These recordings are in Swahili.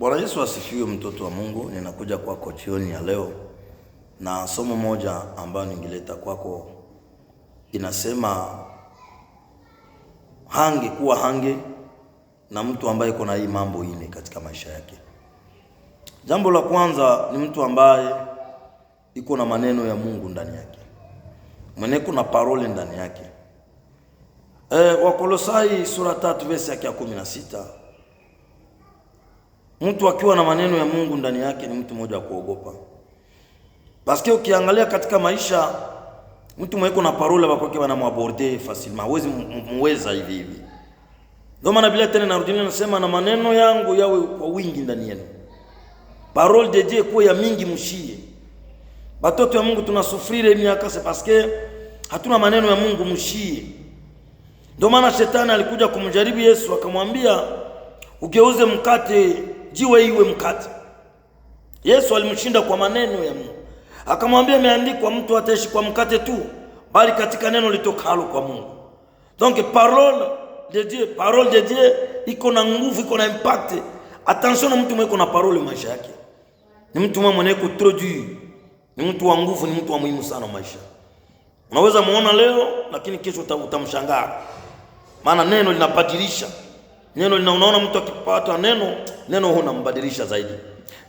Bwana Yesu asifiwe, mtoto wa Mungu. Ninakuja kwako jioni ya leo na somo moja ambayo ningeleta kwako, inasema hange kuwa hange na mtu ambaye iko na hii mambo ine katika maisha yake. Jambo la kwanza ni mtu ambaye iko na maneno ya Mungu ndani yake, mwenye kuna parole ndani yake. E, Wakolosai sura tatu verse yake ya kumi na sita Mtu akiwa na maneno ya Mungu ndani yake ni mtu mmoja wa kuogopa. Paske ukiangalia katika maisha mtu mweko na parola bakwake mwaborde facilement, hawezi muweza hivi hivi. Ndio maana Biblia tena narudia nasema, na maneno yangu yawe kwa wingi ndani yenu, parole de Dieu kwa ya mingi mshie. Batoto ya Mungu tunasufrire miaka se paske hatuna maneno ya Mungu mshie. Ndio maana shetani alikuja kumjaribu Yesu akamwambia, ugeuze mkate jiwe iwe mkate. Yesu alimshinda kwa maneno ya Mungu, akamwambia imeandikwa, mtu ataishi kwa mkate tu, bali katika neno litokalo kwa Mungu. Donc parole de Dieu, parole de Dieu iko na nguvu, iko na impact. Attention na mtu mweko na parole maisha yake, ni mtu mwenye mwenye kutrodui, ni mtu wa nguvu, ni mtu wa muhimu sana maisha. Unaweza muona leo, lakini kesho utamshangaa, maana neno linabadilisha neno lina, unaona mtu akipata neno neno hunambadilisha zaidi.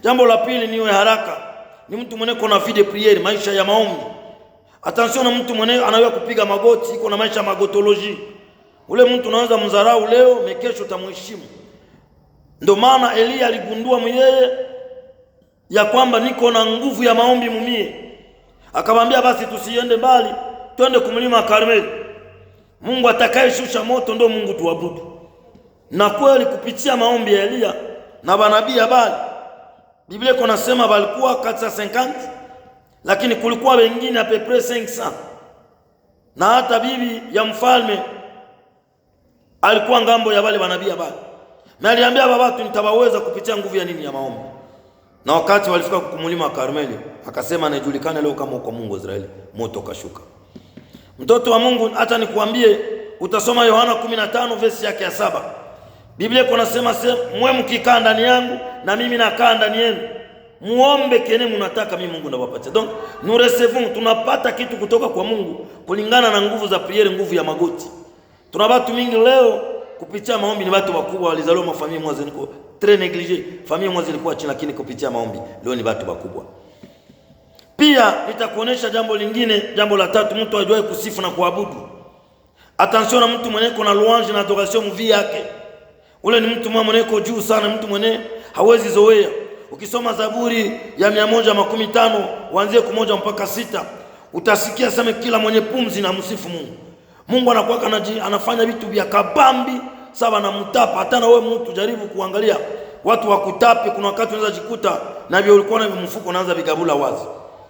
Jambo la pili, niwe haraka, ni mtu mwenye kona vide priere, maisha ya maombi. Attention na mtu mwenye anaweza kupiga magoti, iko na maisha ya magotoloji. Ule mtu unaanza mzarau leo, mekesho utamheshimu. Ndio maana Elia aligundua mwenyewe ya kwamba niko na nguvu ya maombi mumie, akamwambia basi tusiende mbali, twende kumlima Karmeli. Mungu atakayeshusha moto ndio Mungu tuabudu na kweli kupitia maombi ya Eliya na manabii ya habari, Biblia iko nasema walikuwa kati ya 50 lakini kulikuwa wengine apepre 500 na hata bibi ya mfalme alikuwa ngambo ya wale manabii ya habari, na aliambia baba watu nitabaweza kupitia nguvu ya nini? Ya maombi. Na wakati walifika wa Karmeli, akasema anajulikana leo kama uko Mungu Israeli, moto kashuka. Mtoto wa Mungu, hata nikuambie, utasoma Yohana 15 verse yake ya saba Biblia iko nasema mwe mkikaa ndani yangu na mimi nakaa ndani yenu, muombe kene mnataka, mimi Mungu nawapatia. Donc nous recevons, tunapata kitu kutoka kwa Mungu kulingana na nguvu za priere, nguvu ya magoti. Tuna watu mingi leo kupitia maombi ni watu wakubwa, walizaliwa mafamilia mwanzo niko très négligé, familia mwanzo ilikuwa chini, lakini kupitia maombi leo ni watu wakubwa. Pia nitakuonesha jambo lingine, jambo la tatu, mtu ajue kusifu na kuabudu. Attention na mtu mwenye kuna louange na adoration mvi yake Ule ni mtu mweneko juu sana, mtu mwenye hawezi zoea. Ukisoma Zaburi ya mia moja makumi tano uanzie kumoja mpaka sita utasikia sema kila mwenye pumzi na msifu Mungu. Mungu anakuwa anafanya vitu vya kabambi saba na mtapa. Hata na wewe mtu jaribu kuangalia watu wakutape, kuna wakati unaweza jikuta na vile ulikuwa na mfuko unaanza vikabula wazi,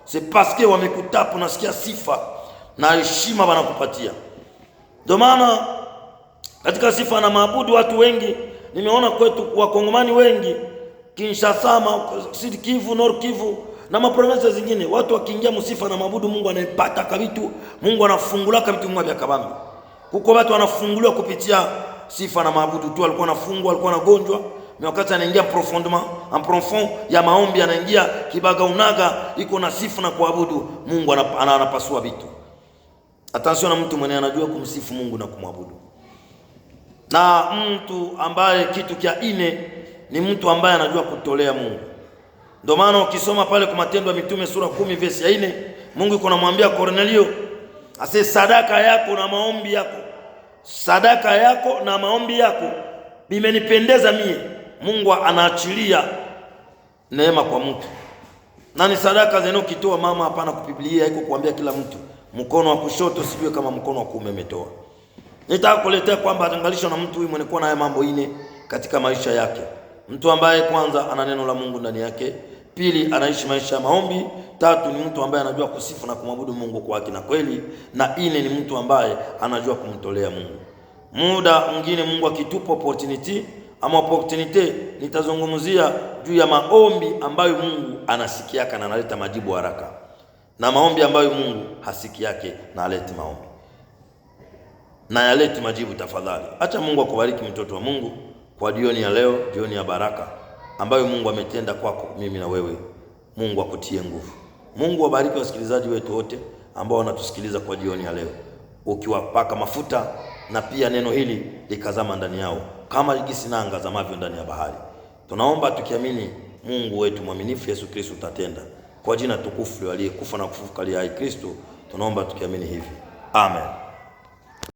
c'est parce que wamekutapa, unasikia sifa na heshima wanakupatia ndio maana katika sifa na maabudu, watu wengi nimeona kwetu wakongomani wengi Kinshasa, Sud Kivu, Nord Kivu na maprovensa zingine, watu wakiingia msifa na maabudu, Mungu anaipata kabitu, Mungu anafungulaka vitu vya kabambi. Kuko watu wanafunguliwa kupitia sifa na maabudu tu, alikuwa anafungwa, alikuwa anagonjwa na wakati anaingia profondement en profond ya maombi, anaingia kibaga unaga, iko na sifa na kuabudu Mungu, anapasua vitu. Attention na mtu mwenye anajua kumsifu Mungu na kumwabudu na mtu ambaye kitu kya ine ni mtu ambaye anajua kutolea Mungu. Ndio maana ukisoma pale kwa Matendo ya Mitume sura kumi vesi ya ine, Mungu yuko namwambia Kornelio ase sadaka yako na maombi yako, sadaka yako na maombi yako bimenipendeza mie. Mungu anaachilia neema kwa mtu na ni sadaka zenu kitoa mama, hapana kupiblia iko kuambia kila mtu mkono wa kushoto sijue kama mkono wa kuume umetoa Nitaka kuletea kwamba atangalishwa na mtu huyu mwenye kuwa mambo ine katika maisha yake. Mtu ambaye kwanza ana neno la Mungu ndani yake, pili anaishi maisha ya maombi, tatu ni mtu ambaye anajua kusifu na kumwabudu Mungu kwa haki na kweli, na ine ni mtu ambaye anajua kumtolea Mungu. Muda mwingine Mungu akitupa opportunity ama opportunity, nitazungumzia juu ya maombi ambayo Mungu anasikiaka na analeta majibu haraka na maombi ambayo Mungu hasikiake na alete maombi na yaleti majibu tafadhali. Acha Mungu akubariki mtoto wa Mungu kwa jioni ya leo, jioni ya baraka ambayo Mungu ametenda kwako mimi na wewe. Mungu akutie nguvu. Mungu awabariki wasikilizaji wetu wote ambao wanatusikiliza kwa jioni ya leo, ukiwapaka mafuta na pia neno hili likazama ndani yao kama gisinanga zamavyo ndani ya bahari. Tunaomba tukiamini Mungu wetu mwaminifu Yesu Kristo utatenda kwa jina tukufu aliyekufa na kufufuka aliye hai Kristo, tunaomba tukiamini hivi, amen.